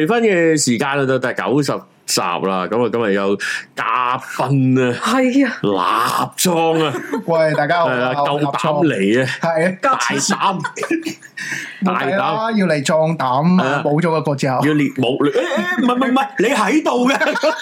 離婚嘅時間到第九十集啦，咁啊今日有嘉賓啊，係啊，立倉啊，喂大家好，係啊，夠膽嚟啊，係啊，大膽， 大膽要嚟壯膽啊，冇咗個之後，要裂武。誒誒，唔係唔係唔係，你喺度嘅，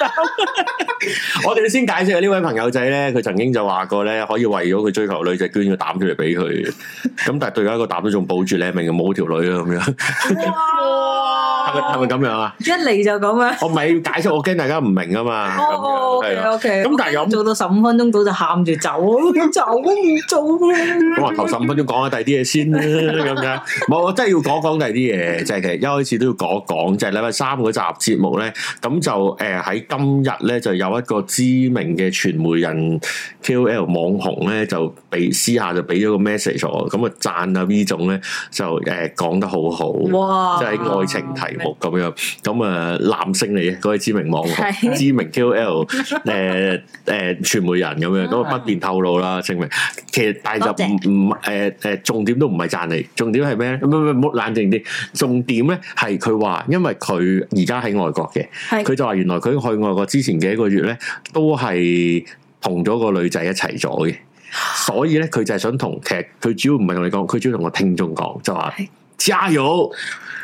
我哋要先解釋呢位朋友仔咧，佢曾經就話過咧，可以為咗佢追求女仔捐個膽出嚟俾佢，咁但係對家個膽都仲保住你咧，明冇條女啊咁樣。哇 係咪咁樣啊？一嚟就咁樣，樣我唔係要解釋，我驚大家唔明啊嘛。 哦，樣哦，OK OK 咁但係咁做到十五分鐘度就喊住走，咁 走都唔做啦。哇！頭十五分鐘講下第二啲嘢先啦，咁樣冇，真係要講講第二啲嘢。即係其實一開始都要講一講，就係禮拜三嗰集節目咧，咁就誒喺、呃、今日咧就有一個知名嘅傳媒人 KOL 網紅咧就俾私下就俾咗個 message 我，咁啊讚啊 V 總咧就誒講得好好，哇！即係愛情題。咁、嗯、樣咁啊，男性嚟嘅嗰啲知名網紅、 知名 KOL、呃、誒、呃、誒傳媒人咁樣，都不便透露啦，姓名其實但係就唔唔誒誒，重點都唔係讚你，重點係咩咧？唔唔冷靜啲。重點咧係佢話，因為佢而家喺外國嘅，佢的就話原來佢去外國之前幾個月咧，都係同咗個女仔一齊咗嘅，所以咧佢就係想同劇，佢主要唔係同你講，佢主要同個聽眾講，就話。加油！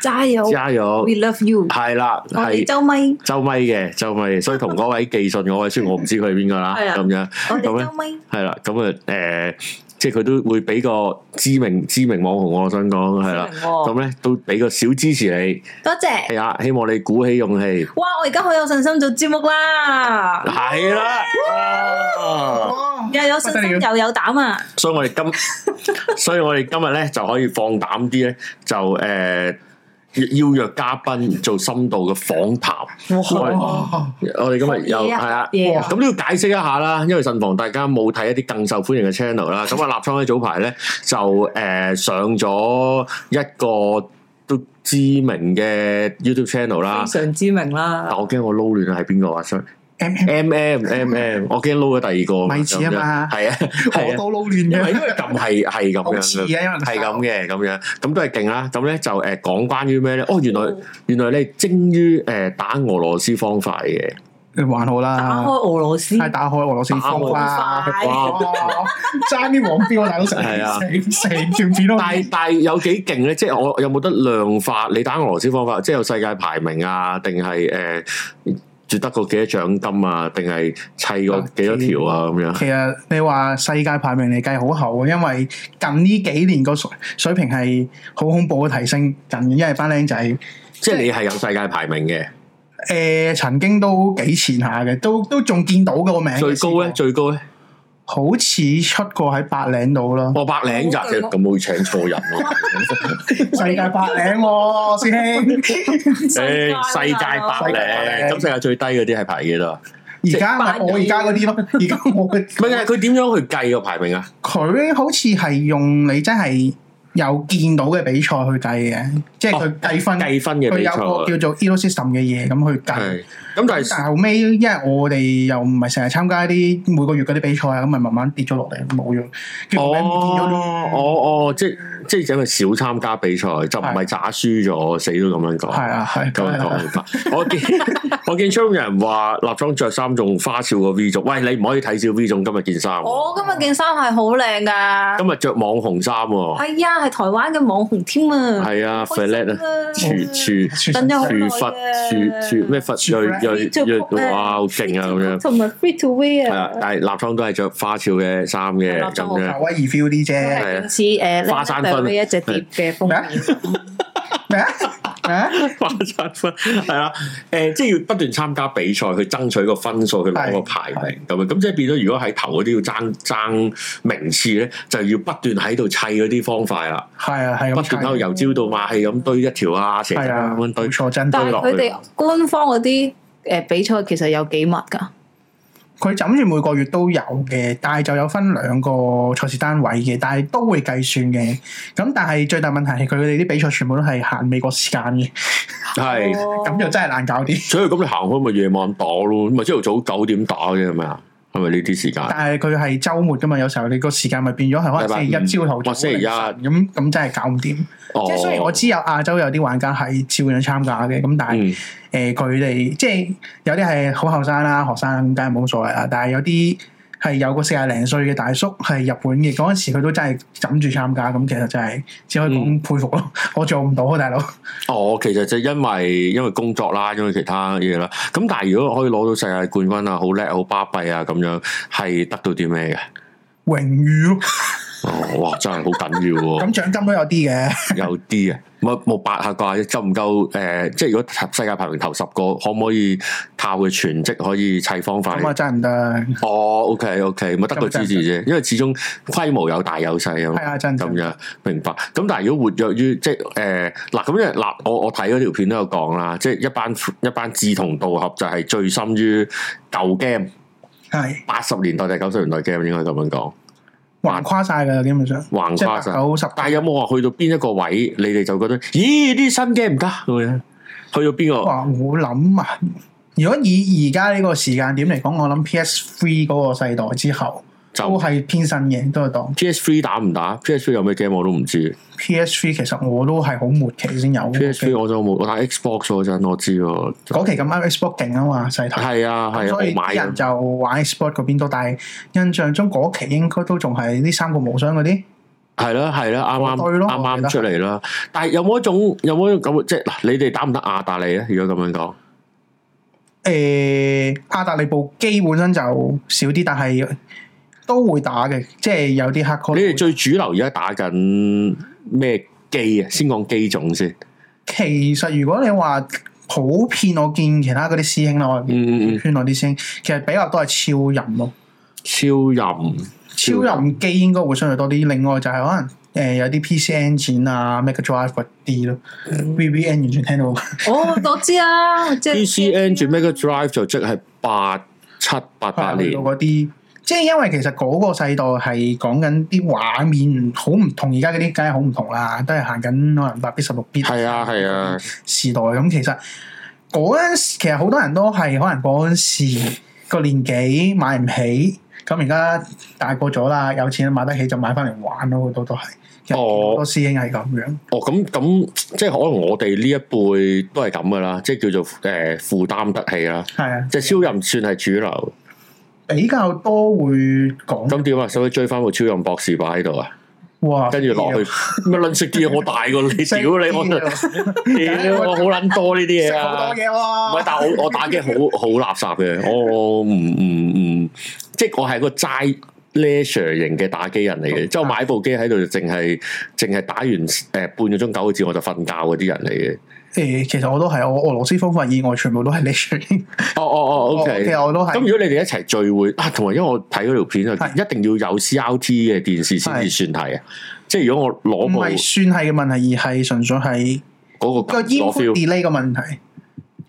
加油！加油！We love you。係啦，我哋周咪周咪嘅周咪，所以同嗰位寄信，嗰 位雖然我唔知佢係邊個啦，咁樣咁咧，係啦，咁啊，誒、呃。即係佢都會俾個知名知名網紅，我想講，係啦，咁咧棒都俾個小支持你，多謝係啊！希望你鼓起勇氣。哇！我而家好有信心做節目啦，係啦，又有信心又有膽啊！ 所以我哋今，所以我哋今日咧就可以放膽啲咧，就誒。呃邀約嘉賓做深度嘅訪談，哇我哋今日又係啊，咁都要解釋一下啦，因為慎防大家冇睇一啲更受歡迎嘅 channel 啦。咁啊，立倉喺早排咧就誒上咗一個都知名嘅 YouTube channel 啦，非常知名啦。但我驚我撈亂啊，係邊個啊？M M M M，我驚撈咗第二個，咪似啊嘛，係啊，我都撈亂嘅，係係咁樣，係咁嘅，咁樣，咁都係勁啦。咁咧就誒講關於咩咧？哦，原來原來你精於誒打俄羅斯方塊嘅，還好啦，打開俄羅斯，係打開俄羅斯方塊啦，爭啲黃標大佬，成成成串片咯，但係但係有幾勁咧？即係我有冇得量化？你打俄羅斯方法，即係有世界排名啊？定係誒？奪得過幾多獎金啊？定係砌過個幾多條啊？咁樣。其實你話世界排名嚟計好後啊，因為近呢幾年個水平係好恐怖嘅提升，近年因為班靚仔。即係你係有世界排名嘅。誒、呃，曾經都幾前下嘅，都都仲見到個名最高呢。最高咧？最高咧？好似出過喺白領度啦，我、哦、白領咋？咁冇、啊、請錯人咯？世界白領，師兄，誒， 世界白領，咁世界最低嗰啲係排幾多？而家係我而家嗰啲咯，而家我嘅。唔係佢點樣去計個排名啊？佢好似係用你真係。有見到嘅比賽去計嘅，即係佢計分、啊、計分嘅比賽，佢有個叫做、Elo、system 嘅嘢咁去計。咁但係但後尾，因為我哋又唔係成日參加啲每個月嗰啲比賽啊，咁咪慢慢跌咗落嚟冇用。名唔見哦哦、哦，即係即係因為少參加比賽，的就唔係詐輸咗，死都咁樣，樣講。係啊係，咁樣講。我見我見，有 人話立倉着衫仲花俏過 V 總。喂你唔可以睇小 V 總今日件衫。我今日件衫係好靚㗎，今日着網紅衫。係啊。哎係台灣嘅網紅添啊，係啊，f 快叻啊，處處處罰處處咩罰罪罪哇，好勁啊咁樣，同埋 free to wear 啊，係啊，但係立倉都係著花俏嘅衫嘅咁樣，台灣意 feel 啲啫，似誒花山粉嘅一隻碟嘅風格。咩？刷分係啦，誒， 即係要不斷參加比賽去爭取個分數，去攞個排名咁啊，咁的即係變咗，如果喺頭嗰啲要爭爭名次咧，就要不斷喺度砌嗰啲方塊啦。係啊，係不斷喺度由朝到晚係咁堆一條罅蛇啊，換對錯真堆落去。但係佢哋官方嗰啲誒比賽其實有幾密噶？佢枕住每個月都有嘅，但係就有分兩個賽事單位嘅，但係都會計算嘅。咁但係最大問題係佢哋啲比賽全部都係限美國時間嘅，係咁是 就真係難搞啲。所以咁你行開咪夜晚打咯，咪朝頭早九點打嘅係咪啊？係咪呢啲時間？但係佢係周末噶嘛，有時候你個時間咪變咗係可能星期一朝頭早凌晨咁咁，真係搞唔掂。即係、哦、雖然我知有亞洲有啲玩家係照樣參加嘅，咁但係誒佢哋即係有啲係好後生啦，學生梗係冇乜所謂啦。但係有啲。係有個四十零歲嘅大叔，係日本嘅，嗰陣時佢都真係枕住參加，咁其實真係只可以咁佩服咯。嗯、我做唔到，大佬。哦，其實就因為因為工作啦，因為其他嘢啦。咁但係如果可以攞到世界冠軍啊，好叻，好巴閉啊，咁樣係得到啲咩嘅？榮譽譽 哦，哇，真係好緊要喎！咁獎金都有啲嘅， 有啲嘅，咪冇八下啩？夠唔夠？誒、呃，即係如果世界排名頭十個，可唔可以靠佢全職可以砌方塊？咁、嗯、啊，真唔得。哦，OK，OK，咪得個支持啫，okay, okay, 嗯嗯嗯、因為始終規模有大有細啊。係啊，真。咁樣明白。咁但係如果活躍於即係誒，嗱、呃、咁樣嗱，我我睇嗰條片都有講啦，即係一班一班，一班志同道合就係醉心於舊 game，係八十年代定九十年代 game 應該咁樣講。 橫跨晒噶，基本上橫跨晒？九十。但係有冇話去到邊一個位，你哋就覺得，咦？啲新 game 唔得，去到邊個？哇我諗啊，如果以而家呢個時間點嚟講，我諗 PS Three 嗰個世代之後。都係偏新嘅，都係當。P.S. Three 打唔打？P.S. Three 有咩 game 我都唔知。P.S. Three 其實我都係好末期先有。P.S. Three 我就冇，我打 Xbox 嗰陣我知咯。嗰期咁啱 Xbox 勁啊嘛，細台。係啊係啊，啊所以啲人就玩 Xbox 嗰邊多。但係印象中嗰期應該都仲係呢三個無雙嗰啲。係啦係啦，啱啱啱啱出嚟啦。但係有冇一種有冇一種咁？即係嗱，你哋打唔打亞達利咧？如果咁樣講。誒、欸，亞達利部機本身就少啲，但係。都會打嘅，即係有啲黑科技。你哋最主流而家打緊咩機啊？先講機種先。其實如果你話普遍，我見其他嗰啲師兄啦，圈內啲師兄，其實比較多係超人咯。超人，超人機應該會相對多啲。另外就係可能誒有啲 PC Engine 啊，Mega Drive 嗰啲咯。VBN 完全聽到。哦，我知 啊，即係 PC Engine 住 Mega Drive 就即係八七八八年嗰啲。即係因為其實嗰個世代係講緊啲畫面好唔同，而家嗰啲梗係好唔同啦，都係行緊可能八 bit 十六 bit 係啊係啊時代，咁其實嗰陣時其實好多人都係可能嗰陣時 個年紀買唔起，咁而家大個咗啦，有錢買得起就買翻嚟玩咯，好多都係哦，個師兄係咁樣哦，咁咁、哦、即係可能我哋呢一輩都係咁噶啦，即係叫做誒負擔得起啦，係啊，即係超又算係主流。比較多會講。咁點啊？使唔使追翻部超人博士擺喺度啊？哇！跟住落去咩？捻食啲嘢好大個你屌你我屌我好捻多呢啲嘢啊！唔係，但係我我打機好好垃圾嘅，我我唔唔唔，即係我係個齋 l e i s u r e 型嘅打機人嚟嘅，即係我買部機喺度，淨係淨係打完誒半個鐘九個字我就瞓覺嗰啲人嚟嘅。誒，其實我都係，我俄羅斯方塊以外，全部都係你哦哦哦，O K，其實我都係。咁如果你哋一齊聚會啊，同埋因為我睇嗰條片是一定要有 CRT 嘅電視先至算係啊。是即係如果我攞唔係算係嘅問題，而係純粹係嗰個個 input delay 嘅問題。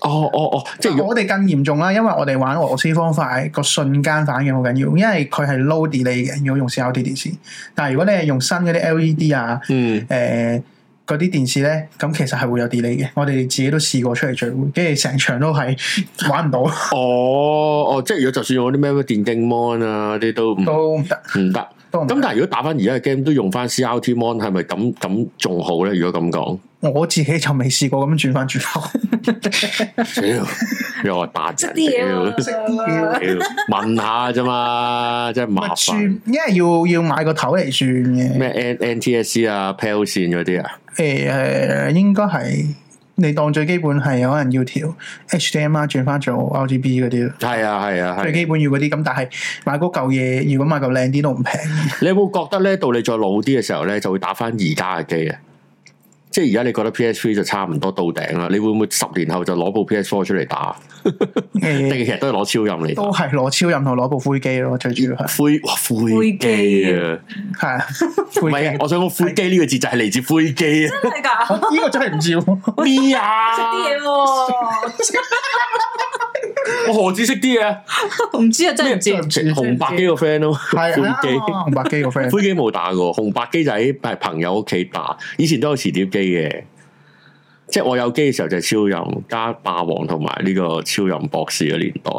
哦哦哦，即係我哋更嚴重啦，因為我哋玩俄羅斯方塊個瞬間反應好緊要，因為佢係 low delay 嘅。如果用 CRT 電視，但係如果你係用新嗰啲 L E D 啊，呃、嗯，誒。嗰啲電視咧，咁其實係會有 delay 嘅。我哋自己都試過出嚟聚會，跟住成場都係玩唔到 哦。哦哦，即係如果就算用啲咩咩電競 mon 啊啲都都唔得，唔得行。咁不但係如果打返而家嘅 game，都用返 CRT mon，係咪咁咁仲好咧？如果咁講？我自己就未試過咁樣轉翻轉頭，屌，又大隻，屌，問下啫嘛，真係麻煩。因為要要買個頭嚟轉嘅。咩 NNTSC 啊 PAL 綫嗰啲啊？誒、啊，係、欸呃、應該係你當最基本係有人要調 HDMI 轉翻做 RGB 嗰啲咯。係啊，係啊，啊最基本要嗰啲咁，但係買嗰舊嘢，如果買舊靚啲都唔平。你有冇覺得咧，到你再老啲嘅時候咧，就會打翻而家嘅機啊？即係而家你覺得 PS3 就差唔多到頂啦？你會唔會十年後就攞部 PS4 出嚟打？定其實都係攞超任嚟？都係攞超任同攞部灰機咯，最主要係灰哇灰機啊，係唔係啊？我想講灰機呢個字就係嚟自灰機啊！真係噶？呢個真係唔知咩啊？識啲嘢，我何止識啲嘢？唔知啊，真係唔知。紅白機個 friend 咯，係啊，紅白機個 friend。灰機冇打過，紅白機就喺係朋友屋企打。以前都有磁碟機。嘅，即係我有機嘅時候就超人加霸王同埋呢個超人博士嘅年代，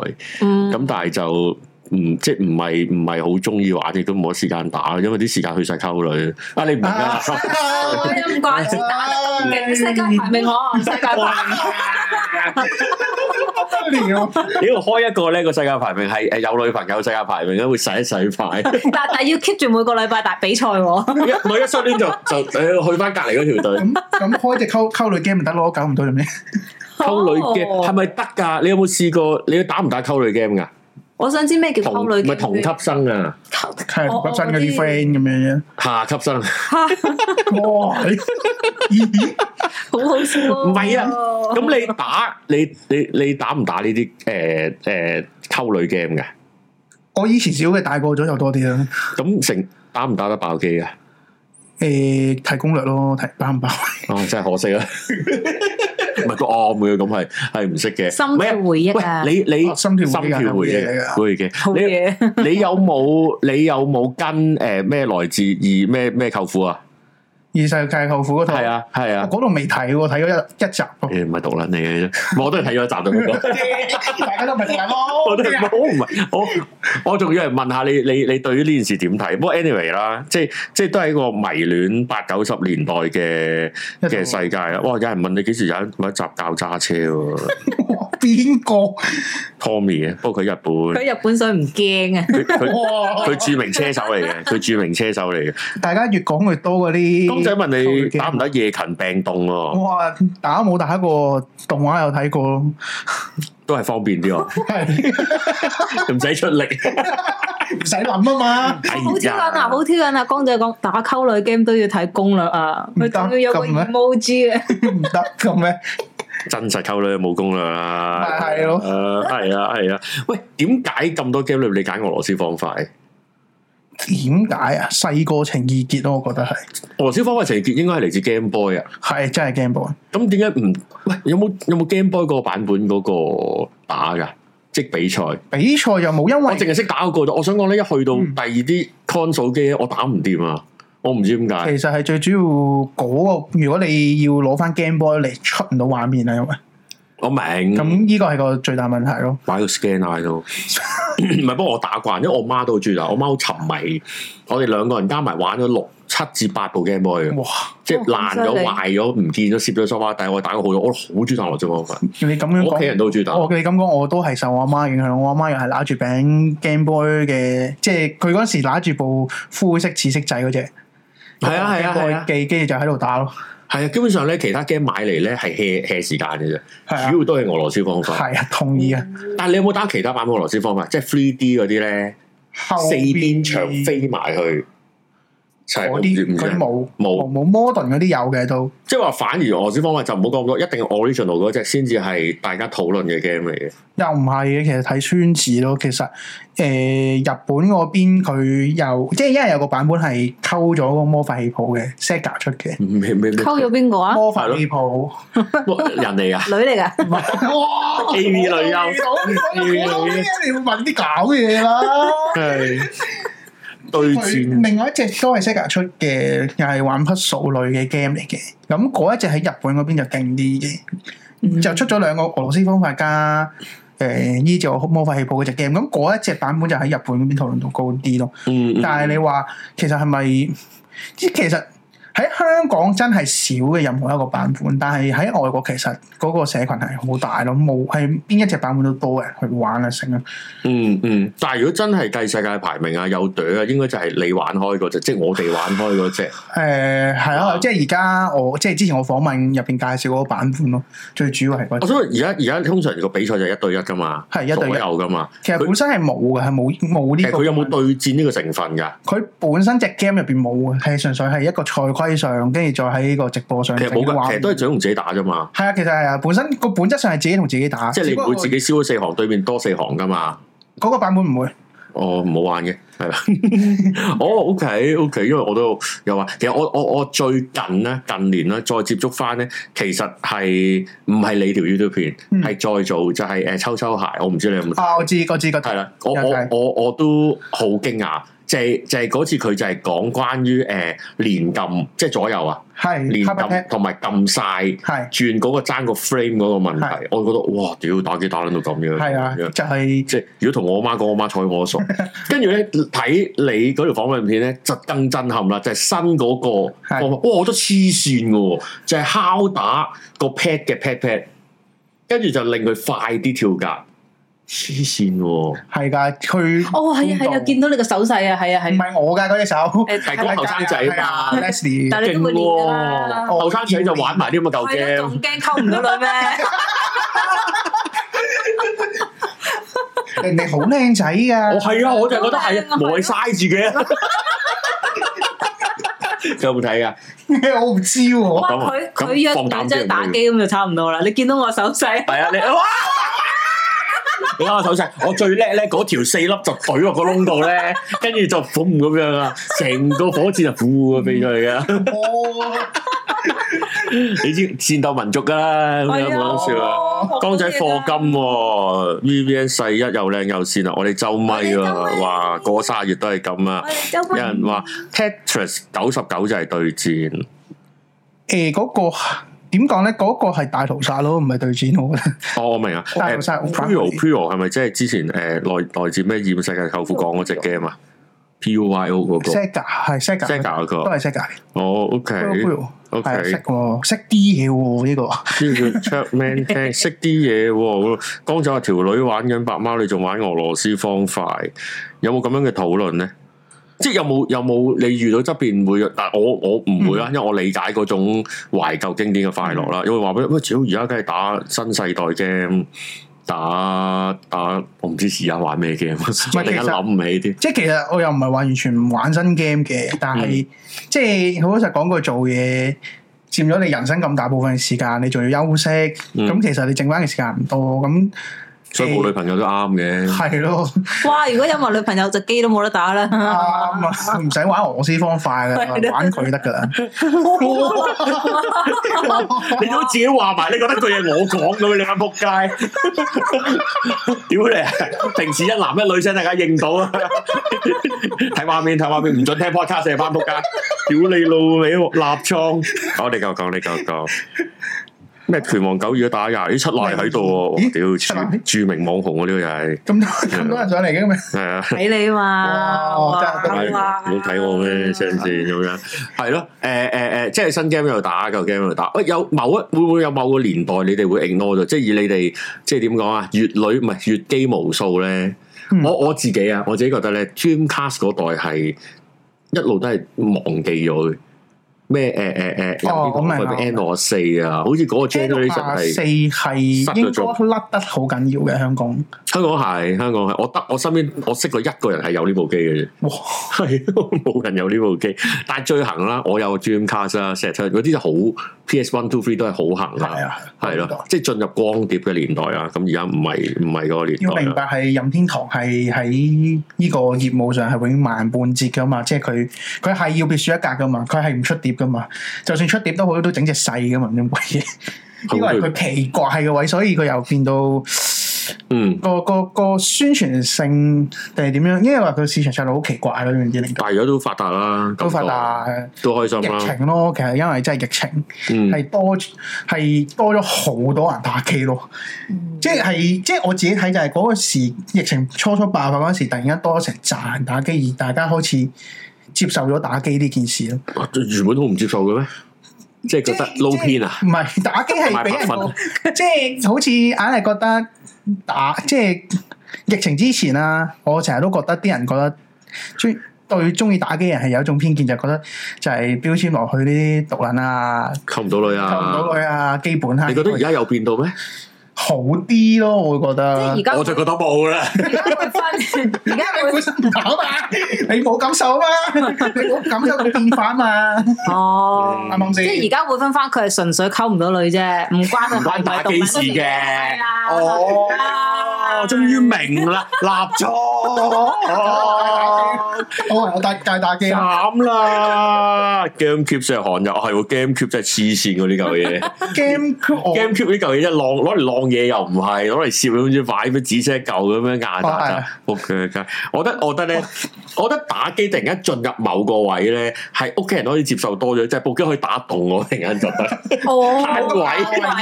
咁但係就。嗯唔即係唔係唔係好中意玩，你都冇時間打，因為啲時間去晒溝女。啊，你唔明啊？唔關事，打世界排名我唔識得。 你年喎，你要開一個呢個世界排名係誒有女朋友世界排名都會洗一洗牌 但係要 keep 住每個禮拜打比賽喎。我一出年就就去翻隔籬嗰條隊，咁開隻溝溝女 game 唔得咯，搞唔到咩？溝女 game 係咪得噶？你有冇試過？你打唔打溝女 game 噶？我想知咩叫溝女？唔係同，同級生啊，同級生嗰啲 friend 咁樣嘅下、啊、級生，哇，好好笑！唔係啊，咁你打你你你打唔打呢啲誒誒溝女 game 嘅？我以前少嘅，大個咗又多啲啊。咁成打唔打得爆機啊？誒、欸，睇攻略咯，睇打唔爆。哦，真係可惜啊！ 唔係個岸嘅，咁係係唔識嘅，心跳回憶啊！你你心跳心跳回憶啊你，憶啊好嘢你 你有冇你有冇跟誒咩、呃、來自而咩咩舅父啊？二世界後父嗰套係啊係啊，嗰度未睇喎，睇咗一一集。唔係獨輪你。嘅啫，我都係睇咗一集到。大家都平人喎，我都唔係我我仲要係問下你你你，你對於呢件事點睇？不過 anyway 啦，即係即係都係一個迷戀八九十年代嘅嘅世界啊！哇，有人問你幾時有一集教揸車 邊個 Tommy 嘅？不過佢日本，佢日本，所以唔驚啊！佢佢著名車手嚟嘅，佢著名車手嚟嘅。大家越講越多嗰啲。光仔問你打唔打夜勤病棟啊？我打冇打過，動畫有睇過咯，都係方便啲，係唔使出力，唔使諗啊嘛。好挑釁啊！好挑釁啊！光仔講打溝女 game 都要睇攻略啊，佢仲要有個 emoji 嘅，唔得咁咩？真實溝女冇功啦，係咯，係啊係啊。喂，點解咁多 game 裏你揀俄羅斯方塊？點解啊？細個情意結咯，我覺得係。得 head, 俄羅斯方塊情意結應該係嚟自 Game Boy 啊。係真係 Game Boy。咁點解唔？喂，有冇有冇 Game Boy 嗰個版本嗰個打㗎？即比賽？比賽又冇，因為我淨係識打嗰個啫。我想講呢，一去到第二啲 console 機，我打唔掂啊。我唔知點解，其實係最主要嗰、嗰個，如果你要攞翻 Game Boy 嚟，出唔到畫面啊，因為我明。咁呢個係個最大問題咯、er。擺到 Scan 喺度，唔 係，不過我打慣，因為我媽都好中意打。我媽好沉迷，我哋兩個人加埋玩咗六七至八部 Game Boy。哇！即係爛咗、壞咗、唔見咗、攝咗沙發，但係我打過好多，我好中意打落啫。你咁樣，屋企人都好中意打。我你咁講，我都係受我阿媽影響。我阿媽又係拿住柄 Game Boy 嘅，即係佢嗰時拿住部灰色、紫色仔嗰隻。係啊係啊係啊，跟住就喺度打咯。係啊，啊，啊，基本上咧，其他 game 買嚟咧係 hea hea 時間嘅啫，啊、主要都係俄羅斯方塊，係啊，同意啊。但係你有冇打其他版俄羅斯方塊？即係 three D 嗰啲咧，後面 四邊牆飛埋去。嗰啲佢冇冇冇 modern 嗰啲有嘅都，即係話反而俄羅斯方塊就唔好講咁多，一定 original 嗰隻先至係大家討論嘅 game 嚟嘅。又唔係嘅，其實睇圈子咯。其實誒，日本嗰邊佢又即係因為有個版本係溝咗個魔法氣泡嘅，Sega 出嘅。唔明唔明溝咗邊個啊？魔法氣泡人嚟噶，女嚟噶。哇！A B 女優，A B 女優，你唔問啲搞嘢啦。對，另外一隻都係 Sega 出嘅，又係、嗯、玩匹數類嘅 game 嚟嘅。咁嗰一隻喺日本嗰邊就勁啲嘅，嗯、就出咗兩個俄羅斯方法家，誒、呃、依著魔法氣泡嗰隻 game。咁嗰一隻版本就喺日本嗰邊討論度高啲咯。嗯嗯嗯，但係你話其實係咪？即其實。喺香港真係少嘅，任何一個版本，但係喺外國，其實嗰個社群係好大咯，冇係邊一隻版本都多嘅去玩嘅成啦。嗯嗯，但係如果真係計世界排名啊，有隊啊，應該就係你玩開嗰、那、隻、個，即係我哋玩開嗰、那、隻、個。誒 呃，係咯、啊啊，即係而家我即係之前我訪問入邊介紹嗰個版本咯，最主要係嗰、那個啊。我想而家而家通常個比賽就係一對一噶嘛，係是一對一有噶嘛。其實本身係冇嘅，係冇冇呢個。佢有冇對戰呢個成分噶？佢本身隻 game 入邊冇嘅，係純粹係一個賽規。上，跟住再喺呢個直播上。其實冇噶，玩其實都係自己同自己打啫嘛。係啊，其實係啊，本身個本質上係自己同自己打。即係你會自己燒咗四，我四行，對面多四行噶嘛？嗰個版本唔會。我唔好玩嘅，係啦。哦、 oh，OK OK，因為我都又話，其實我我我，我最近咧，近年咧，再接觸翻咧，其實係唔係你條 YouTube 片，係再、嗯、做就係、是、誒、呃、抽抽鞋。我唔知你有冇？啊，我知，我知，我知。係啦是，我我我我都好驚訝。就係、是、就係、是、嗰次佢就係講關於誒、呃、連撳即係左右啊， 連撳同埋撳晒，轉嗰個爭個 frame 嗰個問題， 我覺得哇，屌打機打到咁樣，就係即係如果同我媽講，那個、媽媽坐我媽睬我熟。跟住咧睇你嗰條訪問影片咧，就更震撼啦！就係、是、新嗰、那個，我話 哇我都黐線嘅，就係、是、敲打個 pad 嘅 pad pad，跟住就令佢快啲跳格。黐線喎，係噶佢哦係係啊，見到你個手勢啊，係啊係，唔係我噶嗰隻手，係嗰個後生仔啊，Nasty，但係你都會練㗎，後生仔就玩埋啲咁嘅舊驚，仲驚溝唔到女咩？人哋好靚仔啊，我係啊，我就覺得係，冇係嘥住嘅。有冇睇噶？咩？我唔知喎，佢佢約打將打機咁就差唔多啦。你見到我手勢係啊，你。你睇我手勢，我最叻咧，嗰條四粒就懟落個窿度咧，跟住就拱咁樣啊，成個火箭就呼呼飛出嚟噶。 你知戰鬥民族噶啦，冇得、哎、喲笑啦。江、哦、仔課金、哦、VVN 四一又靚又先啊！我哋周咪啊，哇，個三月都係咁啊！有人話 Tetris 九十九就係對戰。誒、欸，嗰個。點講咧？嗰、那個係大屠殺咯，唔係對戰，好。覺哦，我明啊。大屠殺。Puyo Puyo 係咪即係之前誒來來自咩？染世界舅父講嗰隻 game 啊？Puyo 嗰、這個。Sega 係 s 個都係哦，OK。Puyo k 識識啲嘢喎呢個。呢個 check man 聽識啲嘢喎。剛才有條女玩緊白貓，你仲玩俄羅斯方塊？Verse, 有冇咁樣嘅討論咧？即係有冇有冇你遇到側邊會，但係我我唔會啦，嗯、因為我理解嗰種懷舊經典嘅快樂啦。嗯、因為話俾，喂，始終而家梗係打新世代 game，打打我唔知時下玩咩 game，突然間諗唔起啲。即係其實我又唔係話完全唔玩新 game 嘅，但係、嗯、即係好老實講，個做嘢佔咗你人生咁大部分嘅時間，你仲要休息，咁、嗯、其實你剩翻嘅時間唔多咁。冇女朋友都啱嘅，係咯。哇！如果有埋女朋友，隻機都冇得打啦。唔使玩俄羅斯方塊啦，玩佢得噶啦。你都自己話埋，你覺得句嘢我講嘅咩？你阿仆街？屌你啊！平時一男一女先，大家認到啊。睇畫面，睇畫面，唔准聽 podcast，成班仆街。屌你老味，立倉搞你講講你講講。咩拳王狗耳打廿啲出嚟喺度，屌！賴著名網紅啊，呢個又係咁多咁 多人上嚟嘅咩？係啊 哇，睇你啊嘛，唔好睇哇哇我咩上線咁樣？係咯哇，誒誒誒，即係新 game 喺度打舊 game 喺度打。喂，有某一會唔會有某個年代你哋會 enjoy 多咗？即係以你哋即係點講啊？乙女唔係月姬無數咧。嗯、我我自己啊，我自己覺得咧，Dreamcast 嗰代係一路都係忘記咗。咩？誒誒誒，特別講去到 N 六四啊，好似嗰個 generation 係。四係應該甩得好緊要嘅香港。香港係香港係，我得我身邊我識過一個人係有呢部機嘅啫。哇、哦，係冇人有呢部機。但係最行啦，我有 Dreamcast Switch，嗰啲就、啊、好。PS One、Two、Three 都係好行啊。係咯、啊，啊、即係進入光碟嘅年代啊。咁而家唔係唔係個年代。要明白係任天堂係喺呢個業務上係永遠慢半截㗎嘛，即係佢佢係要別樹一格㗎嘛，佢係唔出碟。噶嘛，就算出碟都好，都整隻細噶嘛，咁鬼嘢，因為佢奇怪嘅位，所以佢又變到，嗯，個個個宣傳性定係點樣？因為話佢市場上路好奇怪咯，呢邊啲零，大咗都發達啦，都發達，都開心啦。疫情咯，其實因為真係疫情，係、嗯、多係多咗好多人打機咯，即係即係我自己睇就係嗰個時疫情初初爆發嗰時，突然間多咗成賺打機，而大家開始。接受咗打機呢件事咯，原本都唔接受嘅咩？即係覺得撈偏是啊？唔係打機係俾人 即係好似硬係覺得打，即係疫情之前啊，我成日都覺得啲人覺得中對鍾意打機人係有一種偏見，就覺得就係標籤落去呢啲毒撚啊，溝唔到女啊，溝唔到女啊，基本啦、啊。你覺得而家有變到咩？好啲咯，我覺得。即係而家我就覺得冇啦。而家會分，而家你會分唔到嘛？你冇感受嘛？你冇感受會變化嘛？哦，即係而家會分翻，佢係純粹溝唔到女啫，唔關唔關打機事嘅。係啊！哦，終於明啦，立倉。我係打界打機慘啦！Game Cube 真係韓日，我係 Game Cube 真係黐線嗰啲舊嘢。Game Cube Game Cube 呢舊嘢真係浪攞嚟浪。嘢又唔係攞嚟攝，好似擺啲紫色舊咁樣壓壓下，冇嘅、啊 okay。我覺得我覺得咧， 我覺得打機突然間進入某個位咧，係屋企人可以接受多咗，即、就、係、是、部機可以打動我突然間就得。哦，好鬼！ 哦、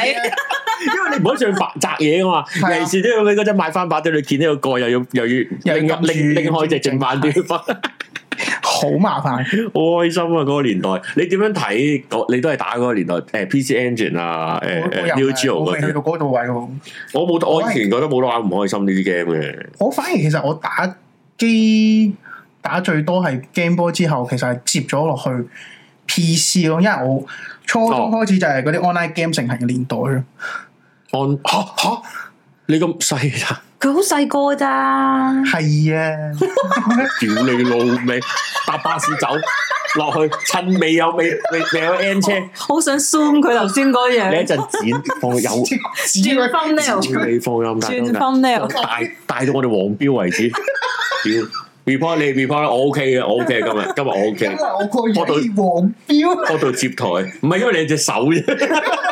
因為你唔可以再白砸嘢啊嘛，尤其是因為你嗰陣買翻把對你見呢個蓋又要又要另另另開隻正版短發。 好麻煩， 好開心啊！嗰、那個年代，你點樣睇？你都係打嗰個年代誒、呃、，PC Engine 啊、呃，誒，U2 嗰啲。呃、我去到嗰個位我冇是，我以前覺得冇得玩，唔開心呢啲 game 嘅。我反而其實我打機打最多係 Game Boy 之後，其實係接咗落去 PC 咯，因為我初中開始就係嗰啲 online game 盛行嘅年代咯。安吓吓，你咁細啊！佢好細個咋，係是啊 ，屌你老味搭巴士走落去，趁未有未未有 N 車，好想 zoom 佢頭先嗰樣，你一陣剪放有剪翻 new，要你放音㗎，翻 new 帶帶到我哋黃標為止，屌 report 你 report 我 OK 嘅，我 OK 今日今日我 OK，我過到黃標，我到接台，唔係因為你隻手啫。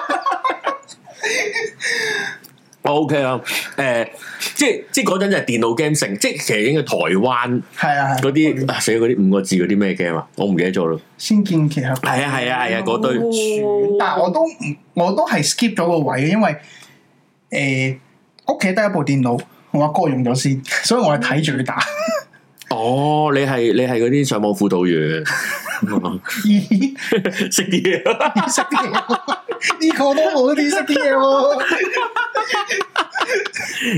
O K 啦，誒，即係即係嗰陣就電腦 game 盛，即係其實應該台灣係啊，嗰啲寫嗰啲五個字嗰啲咩 game 啊，我唔記得咗咯。仙劍奇俠係啊係啊係啊，嗰堆，但係我都我都係 skip 咗個位，因為誒屋企得一部電腦，我阿哥用咗先，所以我係睇住佢打。哦、oh，你係你係嗰啲上網輔導員，識啲嘢，識啲嘢，呢個都冇啲識啲嘢喎。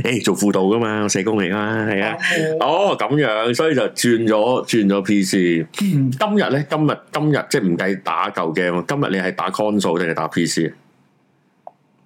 誒、 欸，做輔導噶嘛，我社工嚟噶嘛，係啊，oh. 哦咁樣，所以就轉咗轉咗 PC。今日咧，今日今日即係唔計打舊 game，今日你係打 console 定係打 PC？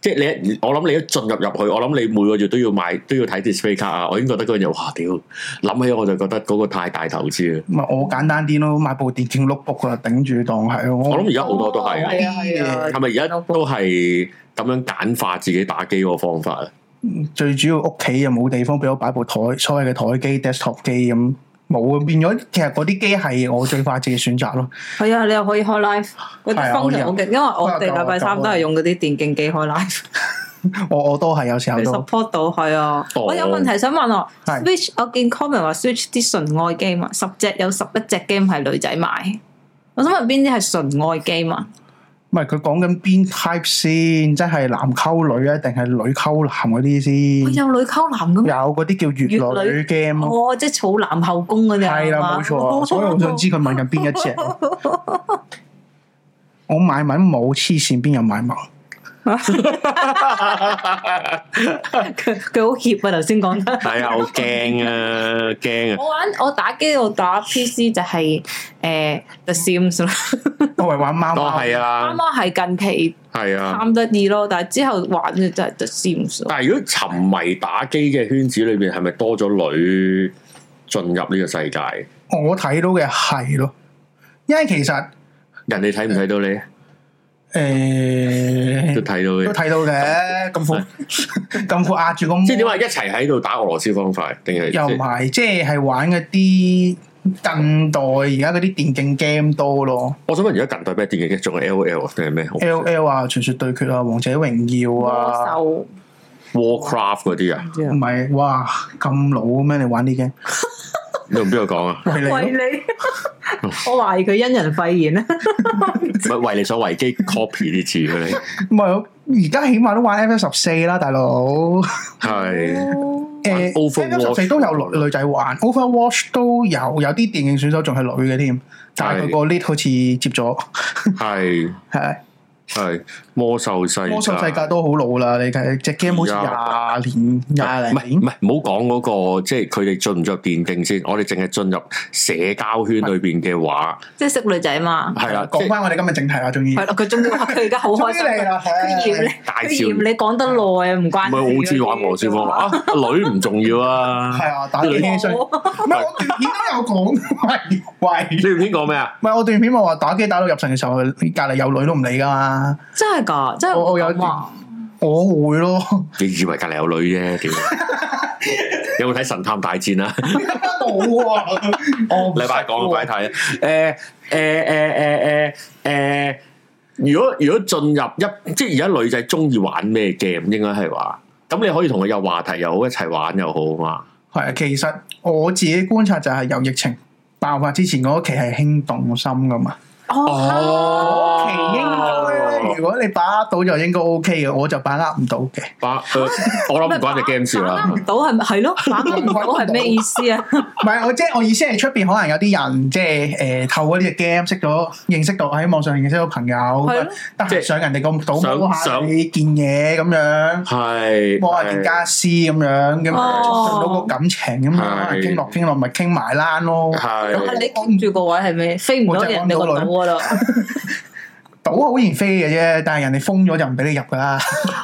即係你，我諗你一進入入去，我諗你每個月都要買，都要睇 display 卡啊！我已經覺得嗰樣嘢，哇！屌，諗起我就覺得嗰個太大投資啦。唔係我簡單啲咯，買部電競 notebook 啦，頂住當係。我諗而家好多都係，係啊係啊，係咪而家都係咁樣簡化自己打機個方法咧？最主要屋企又冇地方俾我擺部台，所謂嘅台機 desktop 機咁。冇啊！變咗，其實嗰啲機係我最快捷嘅選擇咯。係 啊，你又可以開 live 嗰啲 function 好勁因為我哋禮拜三都係用嗰啲電競機開 live。 我我都係有時候 support、嗯、到，係啊、哦！我有問題想問我 switch，是我見 comment 話 switch 啲純愛 game，十隻有十一隻 game 係女仔買。我想問邊啲係純愛 game 啊？唔係佢講緊邊 type 先，即係男溝女啊，定係女溝男嗰啲先？有女溝男咁。有嗰啲叫乙女，乙女 game。我、哦、即係草男後宮嗰啲。係啦， 冇錯。所以我想知佢問緊邊一隻。 我買文冇，黐線邊有買文？佢好 怯啊！頭先講，係 啊，好驚啊，驚啊！我玩我打機，我打 PC 就係、是、誒、欸、The Sims 啦，都係玩貓貓、哦，啊，貓貓係近期係啊，貪得意咯。但係之後玩嘅就 The Sims。但係如果沉迷打機嘅圈子裏邊，係咪多咗女進入呢個世界？我睇到嘅係咯，因為其實人哋睇唔睇到你？誒，都睇到嘅，都睇到嘅，咁闊咁闊壓住咁。即係點啊？一齊喺度打俄羅斯方塊定係？又唔係，即係玩嗰啲近代而家嗰啲電競 game 多咯。我想問而家近代咩電競 game？仲係 LOL 定係咩？LOL 啊，傳說對決啊，王者榮耀啊，Warcraft 嗰啲啊，唔係，哇咁老咩？你玩啲 game？你同邊個講啊？為你， 我懷疑佢因人廢言啦。唔係為你所維基 copy 啲字佢。唔係而家起碼都玩、M、F S 十四啦，大佬。係誒，F S 十四都有女女仔玩，Overwatch 都有，有啲電競選手仲係女嘅添。但係佢個 lead 好似接咗。係係係。魔獸世界都好老啦，你睇隻 game 好似廿年廿零年。唔係唔係，唔好講嗰個，即係佢哋進唔進入電競先。我哋淨係進入社交圈裏邊嘅話，即係識女仔嘛。係啦，講翻我哋今日主題啦，終於係咯。佢終於佢而家好開心，終於嚟啦，係大你講得耐啊，唔關。唔係好中意玩魔少方啊，女唔重要啊。係啊，打女英雄。唔係我段片都有講，喂喂，你段片講咩啊？唔係我段片我話打機打到入神嘅時候，隔籬有女都唔理噶嘛。真係。即係我,我有話，我會咯。你以為隔籬有女啫？點？ 有冇睇《神探大戰》啊？冇啊！我唔使講，唔使睇。誒誒誒誒誒誒，如果如果進入一，即係而家女仔中意玩咩 game，應該係話，咁你可以同佢有話題又好，一齊玩又好啊嘛。係啊，其實我自己觀察就係，有疫情爆發之前，嗰期係興動心噶嘛。哦，其實應該如果你把握到就應該 OK 嘅，我就把握唔到嘅。把握，我諗唔關你 game 事啦。把握唔到係咪係咯？把握唔到係咩意思啊？唔係，我即係我意思係出邊可能有啲人即係誒透過呢隻 game 識咗，認識到喺網上認識到朋友，即係上人哋個賭表下睇見嘢咁樣，係摸下件家私咁樣，咁，到個感情咁樣，傾落傾落咪傾埋欄咯。係，但係你跟住個位係咩？飛唔到人嘅。啦，島好易飛嘅啫，但係人哋封咗就唔俾你入噶啦。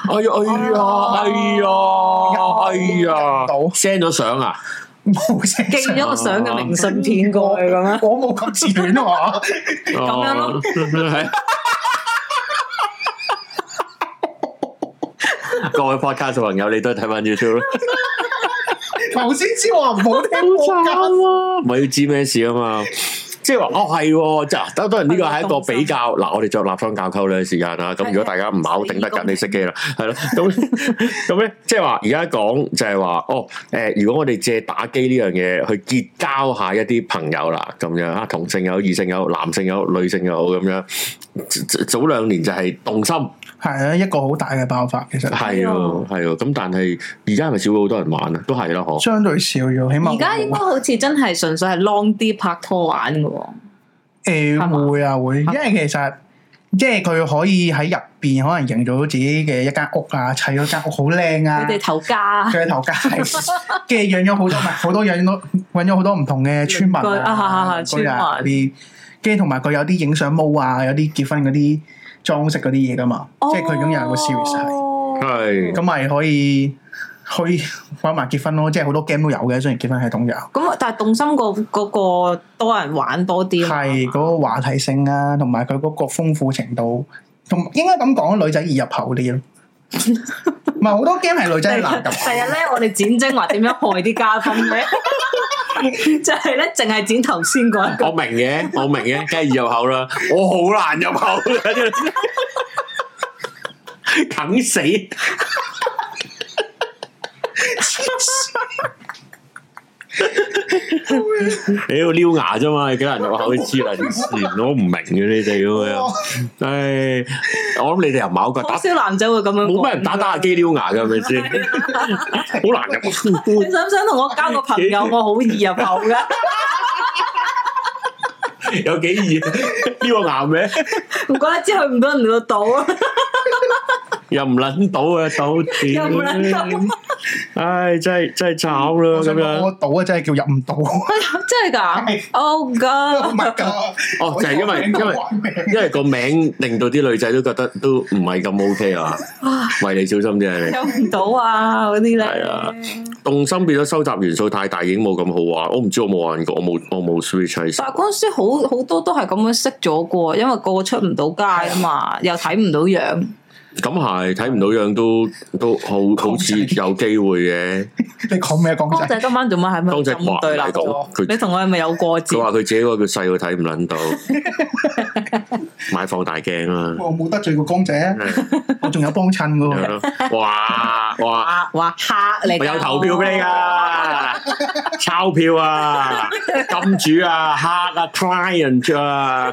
哎呀，哎呀，哎呀，哎呀，賭 send 咗相啊？冇，寄咗個相嘅明信片過去咁樣。我冇咁自戀啊，咁樣咯，係。各位 podcast 嘅朋友，你都係睇翻 YouTube 咯。頭先先話唔好聽，我講啊，咪要知咩事啊嘛。即係話哦係，即係當然呢個係一個比較嗱心，我哋作立倉教溝女呢個時間啊，咁的如果大家唔係好頂得緊，的你熄機啦，係咯的，咁咁咧，即係話而家講就係話哦，誒、呃，如果我哋借打機呢樣嘢去結交一下一啲朋友啦，咁樣啊，同性友、異性友、男性友、女性友，咁樣早兩年就係動心。係啊，一個好大嘅爆發，其實係啊，係啊的。咁的但係而家係咪少咗好多人玩啊？都係咯，嗬。相對少咗，起碼而家應該好似真係純粹係 long 啲拍拖玩嘅。誒、欸，嗎會啊會，因為其實、啊、即係佢可以喺入邊可能營造到自己嘅一間屋啊，砌咗間屋好靚啊，佢哋頭家，佢頭家，跟住養咗好唔好多，養咗搵咗好多唔同嘅村民啊， 村民，跟住同埋佢有啲影相 mode 啊，有啲結婚嗰啲。裝飾嗰啲嘢㗎嘛，oh. 即係佢擁有個 series 係，咁咪、oh. 可以可以玩埋結婚咯，即係好多 game 都有嘅，雖然結婚系統有，咁但係動心、嗰個嗰個多人玩多啲，係嗰是個話題性啊，同埋佢嗰個豐富程度，同應該咁講，女仔易入口啲咯。唔係好多驚係女仔難讀，成日咧我哋剪精華點樣害啲嘉賓嘅。 就係咧淨係剪頭先一個。我明嘅，我明嘅，梗係易入口啦，我好難入口，梗 等死，你要撩牙啫嘛，你幾難入口啲字嚟，連我唔明嘅你哋咁樣，唉、哎。我諗你哋又冇個打，少男仔會咁樣，冇咩人打打下機撩牙噶，係咪先？好 難入。 你想唔想同我交個朋友？我好易入喉噶。 有幾易 撩個牙咩嗎？唔 怪得之去唔到人哋去賭。 又唔捻到啊，賭錢！唉，真係真係炒啦咁樣，我賭啊， 真係叫入唔到，真係噶！Oh God 唔係哦，就係因為因為因為個名令到啲女仔都覺得都唔係咁 OK 啊！ 為你小心啲啊！入唔到啊，嗰啲咧係啊，動心變咗收集元素太大，已經冇咁好玩。我唔知我冇玩過，我冇我冇 switch 起身。但當時好好多都係咁樣識咗過，因為個個出唔到街啊嘛， 又睇唔到樣。咁係睇唔到樣都都好好似有機會嘅。你講咩啊？江仔，江仔今晚做乜係咪針對立倉？佢你同我係咪有過節？佢話佢自己個佢細個睇唔捻到， 買放大鏡啊。我冇得罪過江仔啊！我仲有幫襯噶喎。哇哇哇！吓哇你！我有投票俾你噶，鈔 票啊，金主啊，吓啊 client 啊，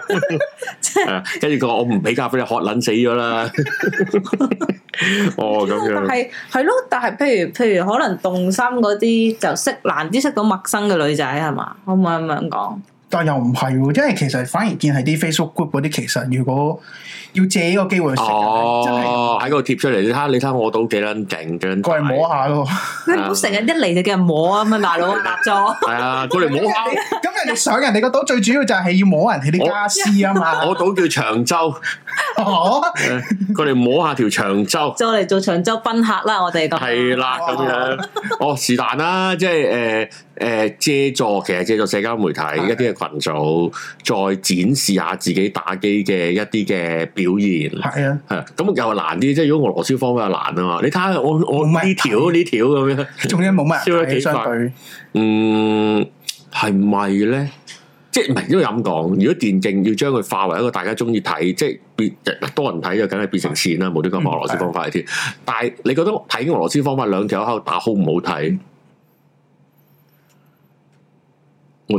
跟住佢話我唔俾㗎，俾你喝捻死咗啦！ 哦咁 但係係咯，但係譬如，譬如，譬如可能動心嗰啲就識難啲識到陌生嘅女仔係嘛？可唔可以咁講？好但又唔係喎，因為其實反而見係啲 Facebook group 嗰啲，其實如果要借個機會哦，喺個貼出嚟，你睇你睇我島幾撚勁咁樣，過嚟摸下咯。唔好成日一嚟就叫人摸啊，嘛，大佬啊，搭裝。係啊，過嚟摸下。咁人哋上人哋個島最主要就係要摸人哋啲家私啊嘛。我島叫長洲，哦，佢嚟摸下條長洲。就嚟做長洲賓客啦，我哋都係啦，咁樣。哦，是但啦，即係誒。誒藉、呃、助其實借助社交媒體一啲嘅群組，的再展示下自己打機嘅一啲嘅表現。係啊的，係啊，咁又難啲。即係如果俄羅斯方塊較難啊嘛，你睇下我我呢條呢看條咁樣，仲有冇乜？消得幾快？相對 嗯，係咪咧？即係唔係因為咁講？如果電競要將佢化為一個大家中意睇，即係變多人睇就梗係變成線啦，冇呢咁俄羅斯方塊啲。但係你覺得睇俄羅斯，斯方塊兩條口打好唔好睇？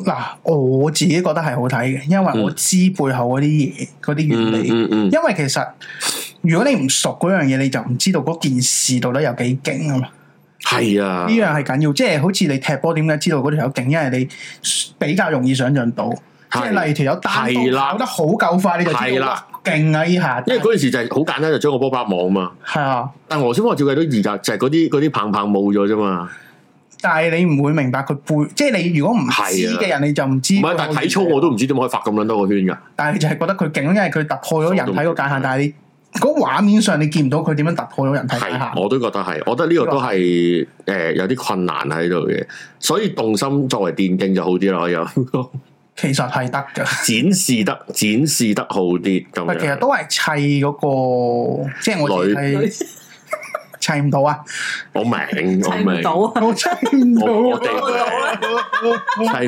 嗱，我自己覺得係好睇嘅，因為我知背後嗰啲嘢、啲、嗯、原理。嗯嗯、因為其實如果你唔熟嗰樣嘢，你就唔知道嗰件事到底有幾勁啊嘛。係啊，呢樣係緊要。即、就、係、係、好似你踢波點解知道嗰條友勁？因為你比較容易想像到。啊、即係例如條友單跑得好夠快，呢個係啦，勁啊呢下。因為嗰件事就係好簡單，就將個波拍網啊嘛。係啊，但係俄羅斯方塊我照計都二格，就係嗰啲嗰啲棒棒冇咗啫嘛。但係你唔會明白佢背，即係你如果唔知嘅人，的你就唔知。唔係，但係體操我都唔知點可以發咁卵多個圈噶。但係就係覺得佢勁，因為佢突破咗人體個界限。但係你嗰畫面上你見唔到佢點樣突破咗人體界限。我都覺得係，我覺得呢個都係誒說、呃、有啲困難喺度嘅。所以動心作為電競就好啲咯。可以有， 其實係 得嘅，展示得展示得好啲咁。其實都係砌嗰個，即係女我哋係。砌唔到啊！我明，砌唔到，我砌唔到，我砌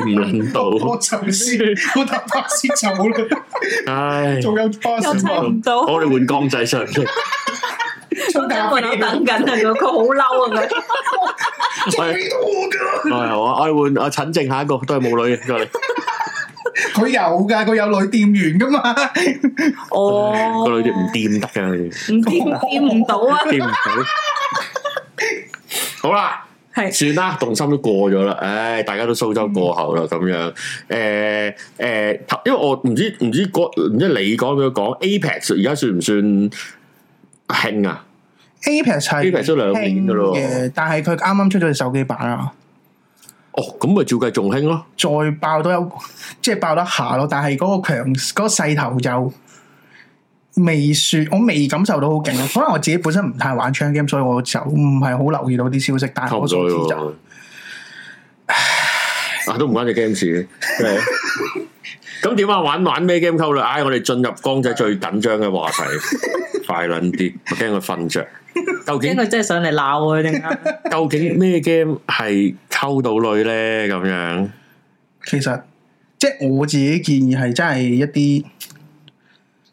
唔到，我嘗試，我搭巴士走啦，唉，仲有巴士，我我哋換光仔上，喺門口等緊啊！佢好嬲啊！係，我我換阿陳靜下一個，都係冇女嘅，再嚟。佢有噶，佢有女店員噶嘛？哦、oh, 哎，個女店唔掂得噶，唔掂掂唔到啊 到！好啦，係是算啦，動心都過咗啦。唉，大家都蘇州過後啦，咁樣。誒、欸、誒、欸，因為我唔知唔知講唔知你講佢講，Apex 而家算唔算興啊？Apex 係 Apex 出兩年噶咯，但係佢啱啱出咗隻手機版啊。哦，咁咪照計仲興咯，再爆都有，即係爆得下咯，但係嗰個強，嗰個勢頭又未算，我未感受到好勁。可能我自己本身唔太玩《槍 game》，所以我就唔係好留意到啲消息。但係我所知就，唉，都唔關你 game 事，咁點啊？玩玩咩 game 溝女？唉，我哋進入光仔最緊張嘅話題。 快卵啲！我驚佢瞓着。 究竟佢真係上嚟鬧佢定？ 究竟咩 game 係溝到女咧？咁樣其實即係我自己建議係真係一啲，